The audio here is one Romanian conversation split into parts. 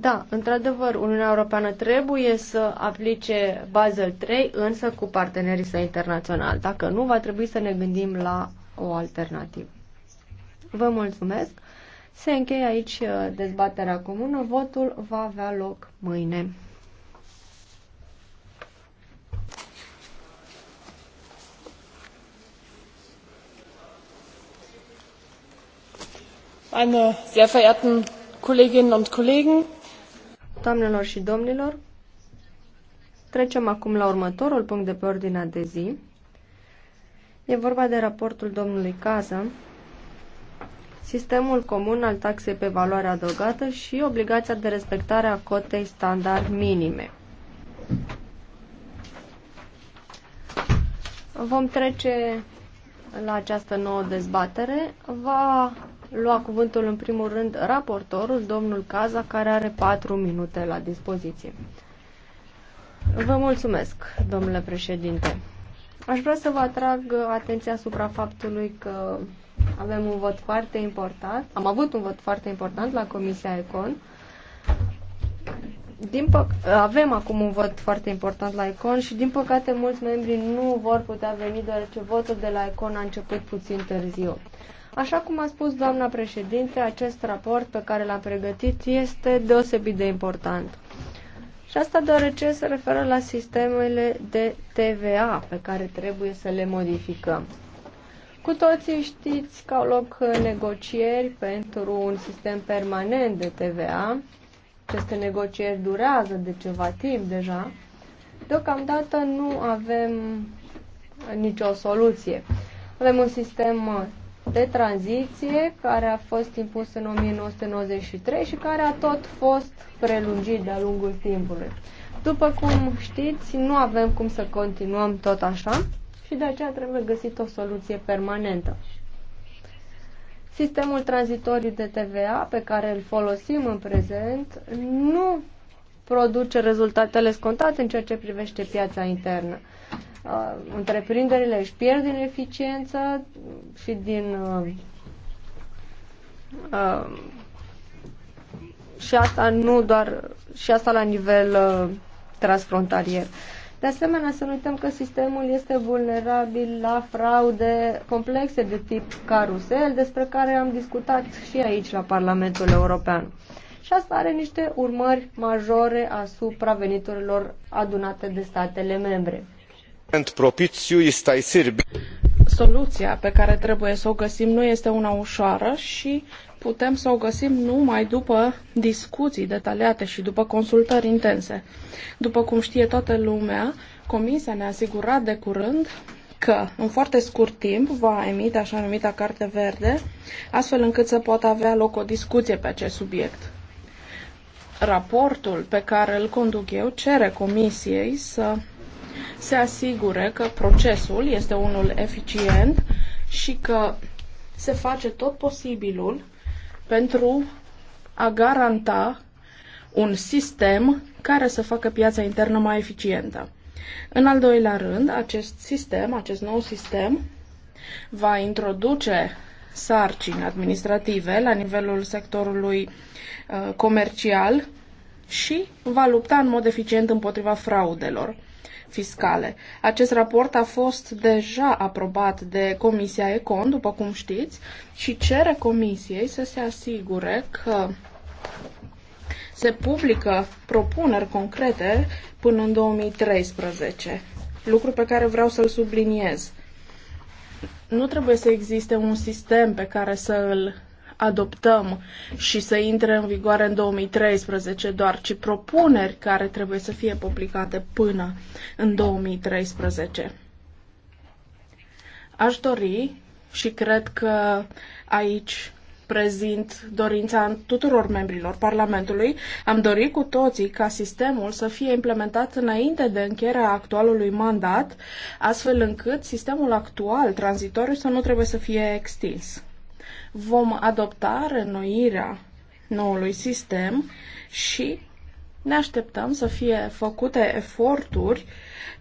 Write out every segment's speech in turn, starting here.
Da, într-adevăr, Uniunea Europeană trebuie să aplice Basel 3, însă cu partenerii săi internaționali. Dacă nu, va trebui să ne gândim la o alternativă. Vă mulțumesc. Se încheie aici uh, dezbaterea comună. Votul va avea loc mâine. Meine sehr verehrten Kolleginnen und Kollegen, Doamnelor și domnilor, trecem acum la următorul punct de pe ordinea de zi. E vorba de raportul domnului Cază, sistemul comun al taxei pe valoare adăugată și obligația de respectare a cotei standard minime. Vom trece la această nouă dezbatere. Va lua cuvântul în primul rând raportorul, domnul Caza, care are patru minute la dispoziție. Vă mulțumesc, domnule președinte. Aș vrea să vă atrag atenția asupra faptului că avem un vot foarte important, am avut un vot foarte important la Comisia Econ. Din păc- avem acum un vot foarte important la Econ și din păcate mulți membri nu vor putea veni deoarece votul de la Econ a început puțin târziu. Așa cum a spus doamna președinte, acest raport pe care l-am pregătit este deosebit de important. Și asta deoarece se referă la sistemele de TVA pe care trebuie să le modificăm. Cu toții știți că au loc negocieri pentru un sistem permanent de TVA. Aceste negocieri durează de ceva timp deja. Deocamdată nu avem nicio soluție. Avem un sistem de tranziție care a fost impus în 1993 și care a tot fost prelungit de-a lungul timpului. După cum știți, nu avem cum să continuăm tot așa și de aceea trebuie găsit o soluție permanentă. Sistemul tranzitoriu de TVA pe care îl folosim în prezent nu produce rezultatele scontate în ceea ce privește piața internă uh, întreprinderile își pierd din eficiență și din uh, uh, și asta nu doar și asta la nivel uh, transfrontalier. De asemenea, să nu uităm că sistemul este vulnerabil la fraude complexe de tip carusel, despre care am discutat și aici la Parlamentul European. Și asta are niște urmări majore asupra veniturilor adunate de statele membre. Soluția pe care trebuie să o găsim nu este una ușoară și putem să o găsim numai după discuții detaliate și după consultări intense. După cum știe toată lumea, Comisia ne-a asigurat de curând că în foarte scurt timp va emite așa numita carte verde, astfel încât să poată avea loc o discuție pe acest subiect. Raportul pe care îl conduc eu cere Comisiei să se asigure că procesul este unul eficient și că se face tot posibilul pentru a garanta un sistem care să facă piața internă mai eficientă. În al doilea rând, acest sistem, acest nou sistem, va introduce sarcini administrative la nivelul sectorului uh, comercial și va lupta în mod eficient împotriva fraudelor fiscale. Acest raport a fost deja aprobat de Comisia Econ, după cum știți, și cere Comisiei să se asigure că se publică propuneri concrete până în 2013, lucru pe care vreau să-l subliniez. Nu trebuie să existe un sistem pe care să îl adoptăm și să intre în vigoare în 2013 doar, ci propuneri care trebuie să fie publicate până în 2013. Aș dori și cred că aici prezint dorința tuturor membrilor Parlamentului, am dorit cu toții ca sistemul să fie implementat înainte de încheierea actualului mandat, astfel încât sistemul actual tranzitoriu să nu trebuie să fie extins. Vom adopta renoirea noului sistem și ne așteptăm să fie făcute eforturi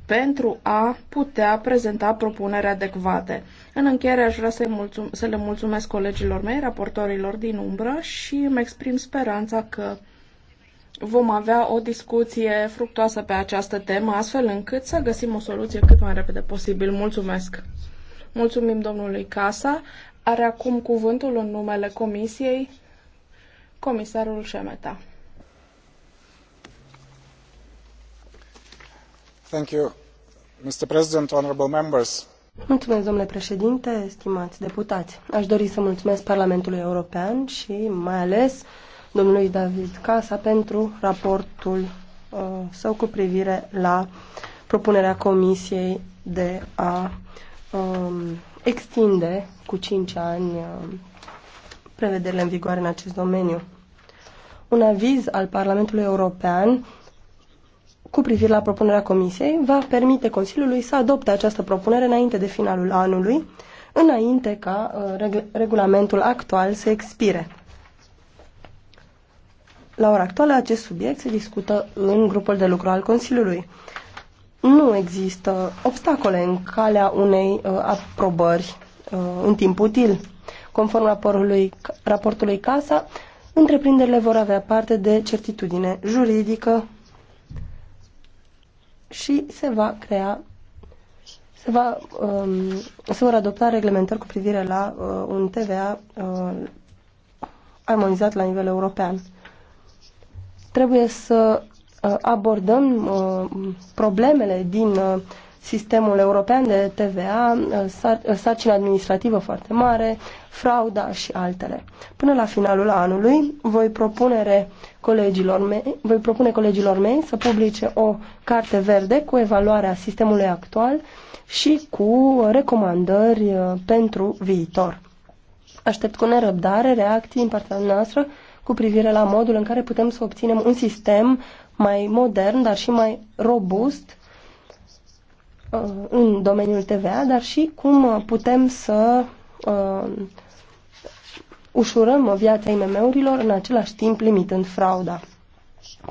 pentru a putea prezenta propuneri adecvate. În încheiere aș vrea să, mulțum- să le mulțumesc colegilor mei, raportorilor din umbră și îmi exprim speranța că vom avea o discuție fructoasă pe această temă, astfel încât să găsim o soluție cât mai repede posibil. Mulțumesc! Mulțumim domnului Casa. Are acum cuvântul în numele Comisiei comisarul Șemeta. Thank you, Mr. President, honorable members. Mulțumesc, domnule președinte, stimați deputați. Aș dori să mulțumesc Parlamentului European și mai ales domnului David Casa pentru raportul uh, său cu privire la propunerea Comisiei de a um, extinde cu 5 ani uh, prevederile în vigoare în acest domeniu. Un aviz al Parlamentului European cu privire la propunerea Comisiei va permite Consiliului să adopte această propunere înainte de finalul anului, înainte ca uh, reg regulamentul actual să expire. La ora actuală, acest subiect se discută în grupul de lucru al Consiliului. Nu există obstacole în calea unei uh, aprobări Uh, în timp util. Conform raportului, raportului CASA, întreprinderile vor avea parte de certitudine juridică și se va crea se, va, um, se vor adopta reglementări cu privire la uh, un TVA uh, armonizat la nivel european. Trebuie să uh, abordăm uh, problemele din uh, sistemul european de TVA, uh, uh, sarcina administrativă foarte mare, frauda și altele. Până la finalul anului voi, propunere colegilor mei, voi propune colegilor mei să publice o carte verde cu evaluarea sistemului actual și cu recomandări uh, pentru viitor. Aștept cu nerăbdare reacții în partea noastră cu privire la modul în care putem să obținem un sistem mai modern, dar și mai robust Uh, în domeniul TVA, dar și cum uh, putem să uh, ușurăm viața IMM-urilor, în același timp limitând frauda.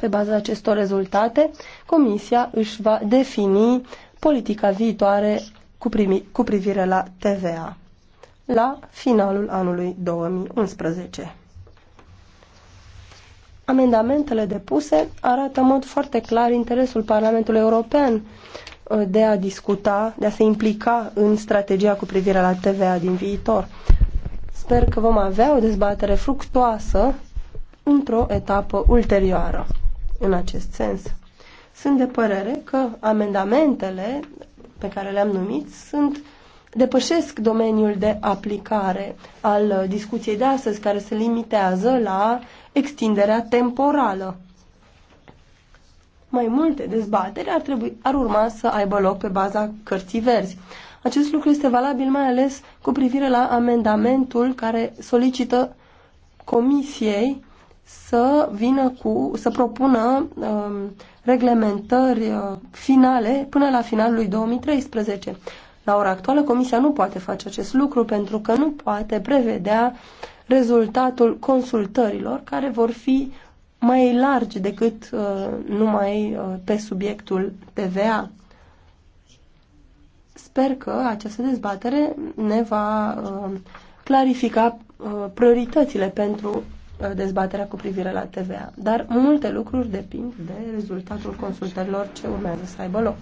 Pe baza acestor rezultate, Comisia își va defini politica viitoare cu, primi, cu privire la TVA la finalul anului 2011. Amendamentele depuse arată în mod foarte clar interesul Parlamentului European Uh, de a discuta, de a se implica în strategia cu privire la TVA din viitor. Sper că vom avea o dezbatere fructuoasă într-o etapă ulterioară în acest sens. Sunt de părere că amendamentele pe care le-am numit sunt depășesc domeniul de aplicare al discuției de astăzi, care se limitează la extinderea temporală. Mai multe dezbateri ar, trebui, ar urma să aibă loc pe baza cărții verzi. Acest lucru este valabil mai ales cu privire la amendamentul care solicită Comisiei să vină cu, să propună um, reglementări uh, finale până la finalul lui 2013. La ora actuală, Comisia nu poate face acest lucru pentru că nu poate prevedea rezultatul consultărilor care vor fi mai largi decât uh, numai uh, pe subiectul TVA. Sper că această dezbatere ne va uh, clarifica uh, prioritățile pentru uh, dezbaterea cu privire la TVA, dar multe lucruri depind de rezultatul consultărilor ce urmează să aibă loc.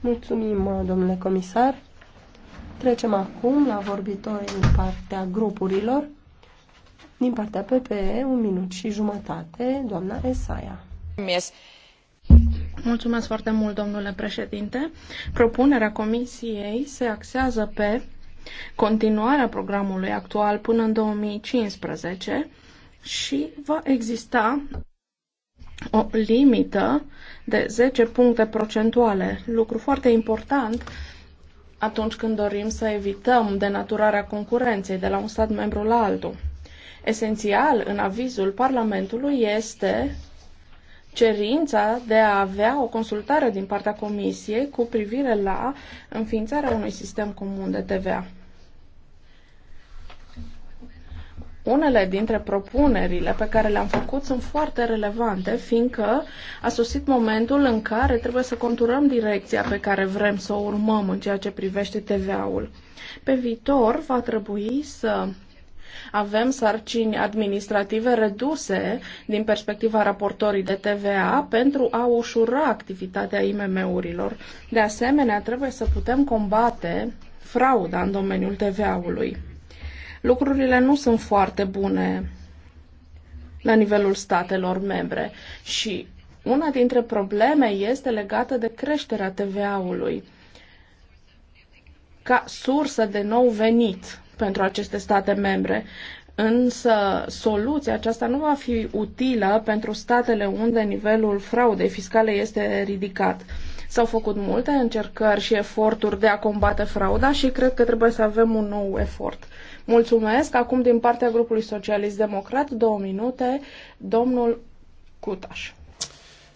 Mulțumim, uh, domnule comisar. Trecem acum la vorbitorii din partea grupurilor. Din partea PPE, un minut și jumătate, doamna Esaia. Yes. Mulțumesc foarte mult, domnule președinte. Propunerea comisiei se axează pe continuarea programului actual până în 2015 și va exista o limită de 10 puncte procentuale, lucru foarte important atunci când dorim să evităm denaturarea concurenței de la un stat membru la altul. Esențial în avizul Parlamentului este cerința de a avea o consultare din partea Comisiei cu privire la înființarea unui sistem comun de TVA. Unele dintre propunerile pe care le-am făcut sunt foarte relevante, fiindcă a sosit momentul în care trebuie să conturăm direcția pe care vrem să o urmăm în ceea ce privește TVA-ul. Pe viitor va trebui să avem sarcini administrative reduse din perspectiva raportorii de TVA pentru a ușura activitatea IMM-urilor. De asemenea, trebuie să putem combate frauda în domeniul TVA-ului. Lucrurile nu sunt foarte bune la nivelul statelor membre și una dintre probleme este legată de creșterea TVA-ului ca sursă de nou venit pentru aceste state membre. Însă soluția aceasta nu va fi utilă pentru statele unde nivelul fraudei fiscale este ridicat. S-au făcut multe încercări și eforturi de a combate frauda și cred că trebuie să avem un nou efort. Mulțumesc. Acum, din partea grupului socialist-democrat, două minute, domnul Cutaș.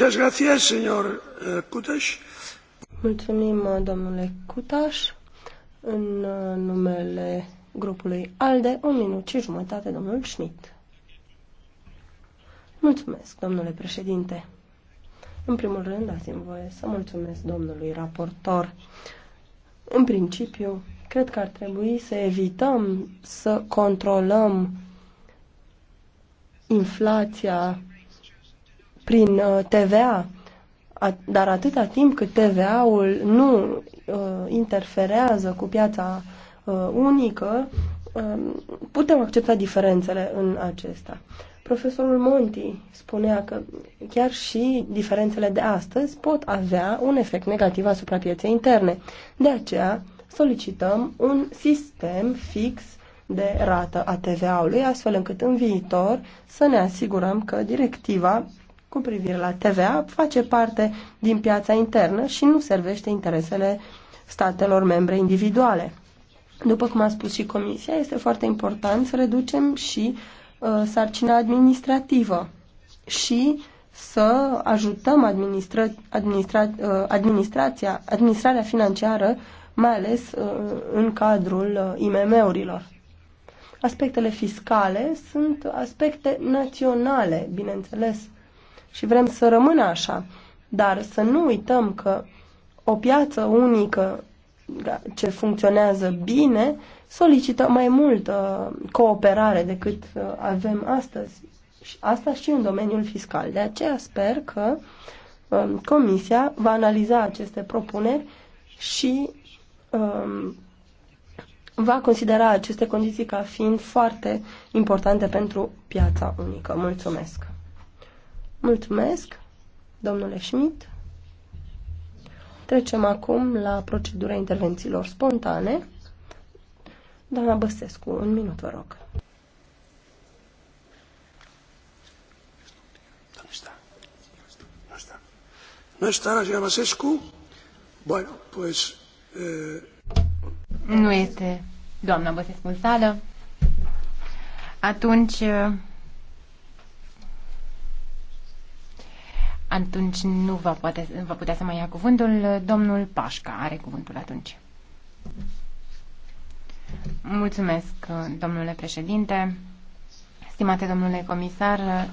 Eh, Mulțumim, uh, domnule Cutaș. În uh, numele grupului ALDE, un minut și jumătate, domnul Schmidt. Mulțumesc, domnule președinte. În primul rând, dați-mi voie să mulțumesc domnului raportor. În principiu, cred că ar trebui să evităm să controlăm inflația prin uh, TVA, dar atâta timp cât TVA-ul nu uh, interferează cu piața uh, unică, um, putem accepta diferențele în acesta. Profesorul Monti spunea că chiar și diferențele de astăzi pot avea un efect negativ asupra pieței interne. De aceea solicităm un sistem fix de rată a TVA-ului, astfel încât în viitor să ne asigurăm că directiva cu privire la TVA face parte din piața internă și nu servește interesele statelor membre individuale. După cum a spus și Comisia, este foarte important să reducem și uh, sarcina administrativă și să ajutăm administra, administra, uh, administrația, administrarea financiară, mai ales uh, în cadrul uh, IMM-urilor. Aspectele fiscale sunt aspecte naționale, bineînțeles, uh, și vrem să rămână așa. Dar să nu uităm că o piață unică da, ce funcționează bine solicită mai multă uh, cooperare decât uh, avem astăzi. Și asta și în domeniul fiscal. De aceea sper că um, Comisia va analiza aceste propuneri și um, va considera aceste condiții ca fiind foarte importante pentru piața unică. Mulțumesc! Mulțumesc, domnule Schmidt. Trecem acum la procedura intervențiilor spontane. Doamna Băsescu, un minut, vă rog. Nu este la señora Băsescu? Bueno, pues... Nu este doamna Băsescu în sală. Atunci atunci nu va, poate, va putea să mai ia cuvântul. Domnul Pașca are cuvântul atunci. Mulțumesc, domnule președinte, stimate domnule comisar,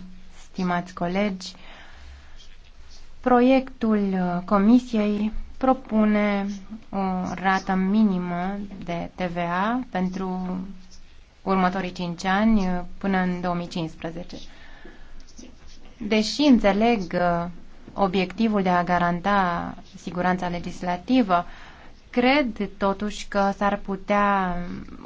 stimați colegi. Proiectul comisiei propune o rată minimă de TVA pentru următorii 5 ani până în 2015 deși înțeleg uh, obiectivul de a garanta siguranța legislativă, cred totuși că s-ar putea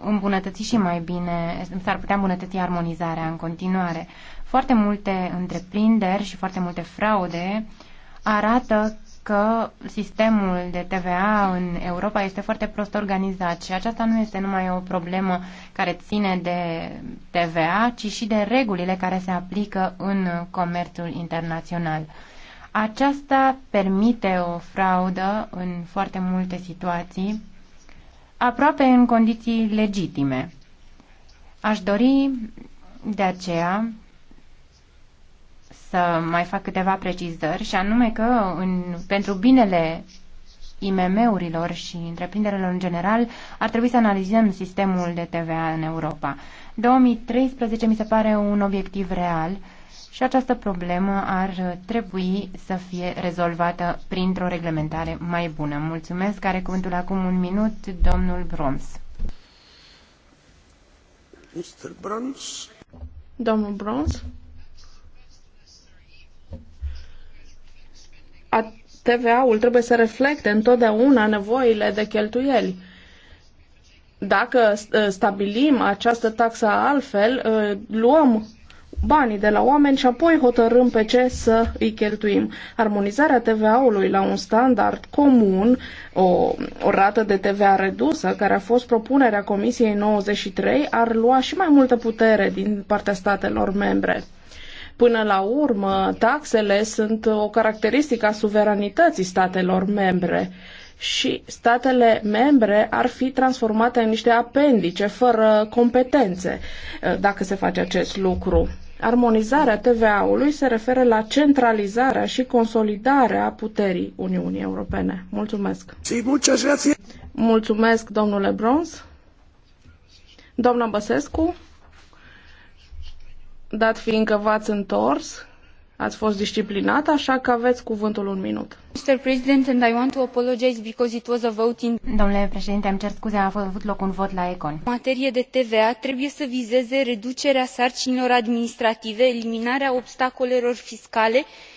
îmbunătăți și mai bine, s-ar putea îmbunătăți armonizarea în continuare. Foarte multe întreprinderi și foarte multe fraude arată că sistemul de TVA în Europa este foarte prost organizat și aceasta nu este numai o problemă care ține de TVA, ci și de regulile care se aplică în comerțul internațional. Aceasta permite o fraudă în foarte multe situații, aproape în condiții legitime. Aș dori de aceea să mai fac câteva precizări și anume că în, pentru binele IMM-urilor și întreprinderilor în general ar trebui să analizăm sistemul de TVA în Europa. 2013 mi se pare un obiectiv real și această problemă ar trebui să fie rezolvată printr-o reglementare mai bună. Mulțumesc. Are cuvântul acum un minut domnul Broms. Mr. Broms. Domnul Broms. TVA-ul trebuie să reflecte întotdeauna nevoile de cheltuieli. Dacă ă, stabilim această taxă altfel, ă, luăm banii de la oameni și apoi hotărâm pe ce să îi cheltuim. Armonizarea TVA-ului la un standard comun, o, o rată de TVA redusă, care a fost propunerea Comisiei 93, ar lua și mai multă putere din partea statelor membre. Până la urmă, taxele sunt o caracteristică a suveranității statelor membre și statele membre ar fi transformate în niște apendice fără competențe eh, dacă se face acest lucru. Armonizarea TVA-ului se referă la centralizarea și consolidarea puterii Uniunii Europene. Mulțumesc! Mulțumesc, domnule Bronz. Doamna Băsescu dat fiind că v-ați întors, ați fost disciplinat, așa că aveți cuvântul un minut. Mr. President, and I want to apologize because it was a vote in... Domnule președinte, am cer scuze, a avut loc un vot la Econ. În materie de TVA trebuie să vizeze reducerea sarcinilor administrative, eliminarea obstacolelor fiscale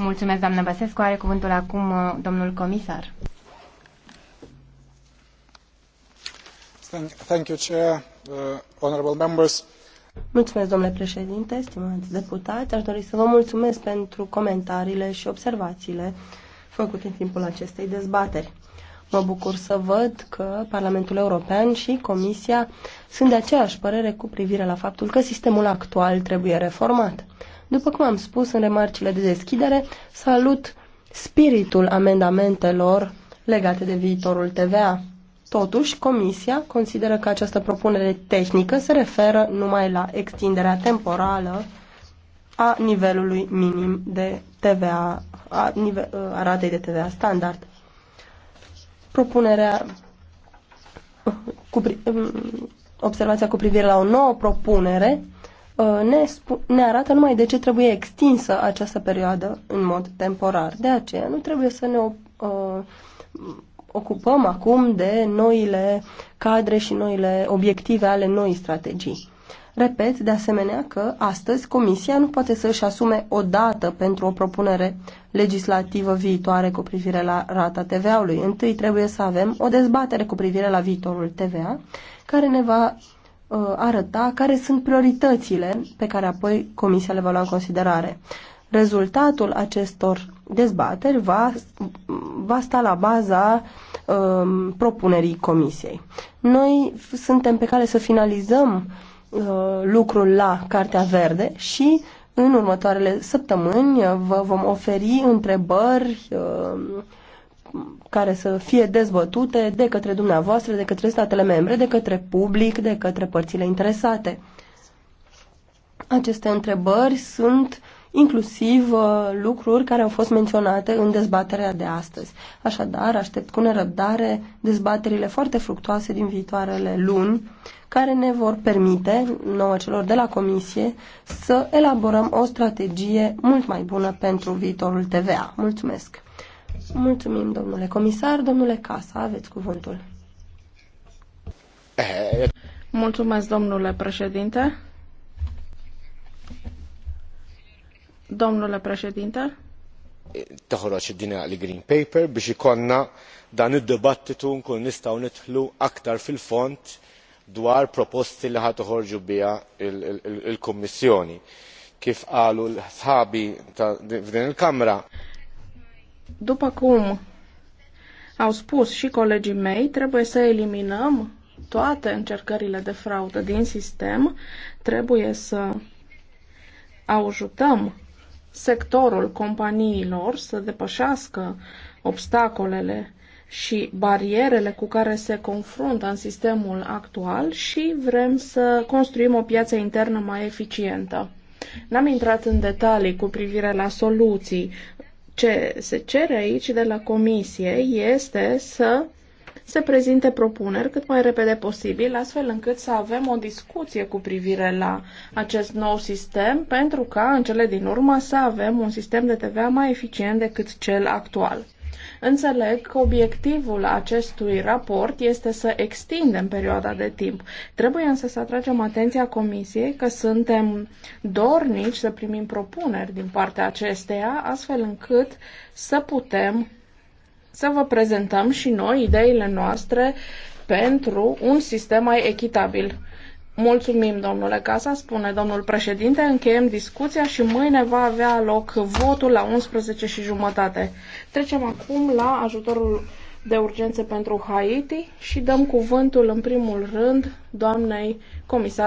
Mulțumesc, doamnă Băsescu. Are cuvântul acum uh, domnul comisar. Thank you, Chair, uh, honorable members. Mulțumesc, domnule președinte, stimați deputați. Aș dori să vă mulțumesc pentru comentariile și observațiile făcute în timpul acestei dezbateri. Mă bucur să văd că Parlamentul European și Comisia sunt de aceeași părere cu privire la faptul că sistemul actual trebuie reformat. După cum am spus în remarcile de deschidere, salut spiritul amendamentelor legate de viitorul TVA. Totuși, Comisia consideră că această propunere tehnică se referă numai la extinderea temporală a nivelului minim de TVA, a, nive, a ratei de TVA standard. Propunerea cu, observația cu privire la o nouă propunere Uh, ne, ne arată numai de ce trebuie extinsă această perioadă în mod temporar. De aceea nu trebuie să ne uh, ocupăm acum de noile cadre și noile obiective ale noii strategii. Repet, de asemenea, că astăzi Comisia nu poate să își asume o dată pentru o propunere legislativă viitoare cu privire la rata TVA-ului. Întâi trebuie să avem o dezbatere cu privire la viitorul TVA, care ne va Uh, arăta care sunt prioritățile pe care apoi Comisia le va lua în considerare. Rezultatul acestor dezbateri va, va sta la baza um, propunerii Comisiei. Noi suntem pe care să finalizăm uh, lucrul la Cartea Verde și în următoarele săptămâni vă vom oferi întrebări uh, care să fie dezbătute de către dumneavoastră, de către statele membre, de către public, de către părțile interesate. Aceste întrebări sunt inclusiv uh, lucruri care au fost menționate în dezbaterea de astăzi. Așadar, aștept cu nerăbdare dezbaterile foarte fructoase din viitoarele luni, care ne vor permite, nouă celor de la Comisie, să elaborăm o strategie mult mai bună pentru viitorul TVA. Mulțumesc! Mulțumim, domnule comisar. Domnule Casa, aveți cuvântul. Mulțumesc, domnule președinte. Domnule președinte. Toħroġ din green paper biex ikonna dan id-dibattitu nkun nistgħu nidħlu aktar fil-font dwar proposti li ħad toħorġu biha il-Kummissjoni. Kif qalu l-sħabi f'din il-Kamra. După cum au spus și colegii mei, trebuie să eliminăm toate încercările de fraudă din sistem, trebuie să ajutăm sectorul companiilor să depășească obstacolele și barierele cu care se confruntă în sistemul actual și vrem să construim o piață internă mai eficientă. N-am intrat în detalii cu privire la soluții, ce se cere aici de la comisie este să se prezinte propuneri cât mai repede posibil, astfel încât să avem o discuție cu privire la acest nou sistem, pentru ca în cele din urmă să avem un sistem de TVA mai eficient decât cel actual. Înțeleg că obiectivul acestui raport este să extindem perioada de timp. Trebuie însă să atragem atenția Comisiei că suntem dornici să primim propuneri din partea acesteia, astfel încât să putem să vă prezentăm și noi ideile noastre pentru un sistem mai echitabil. Mulțumim, domnule Casa, spune domnul președinte. Încheiem discuția și mâine va avea loc votul la 11 și jumătate. Trecem acum la ajutorul de urgență pentru Haiti și dăm cuvântul în primul rând doamnei comisar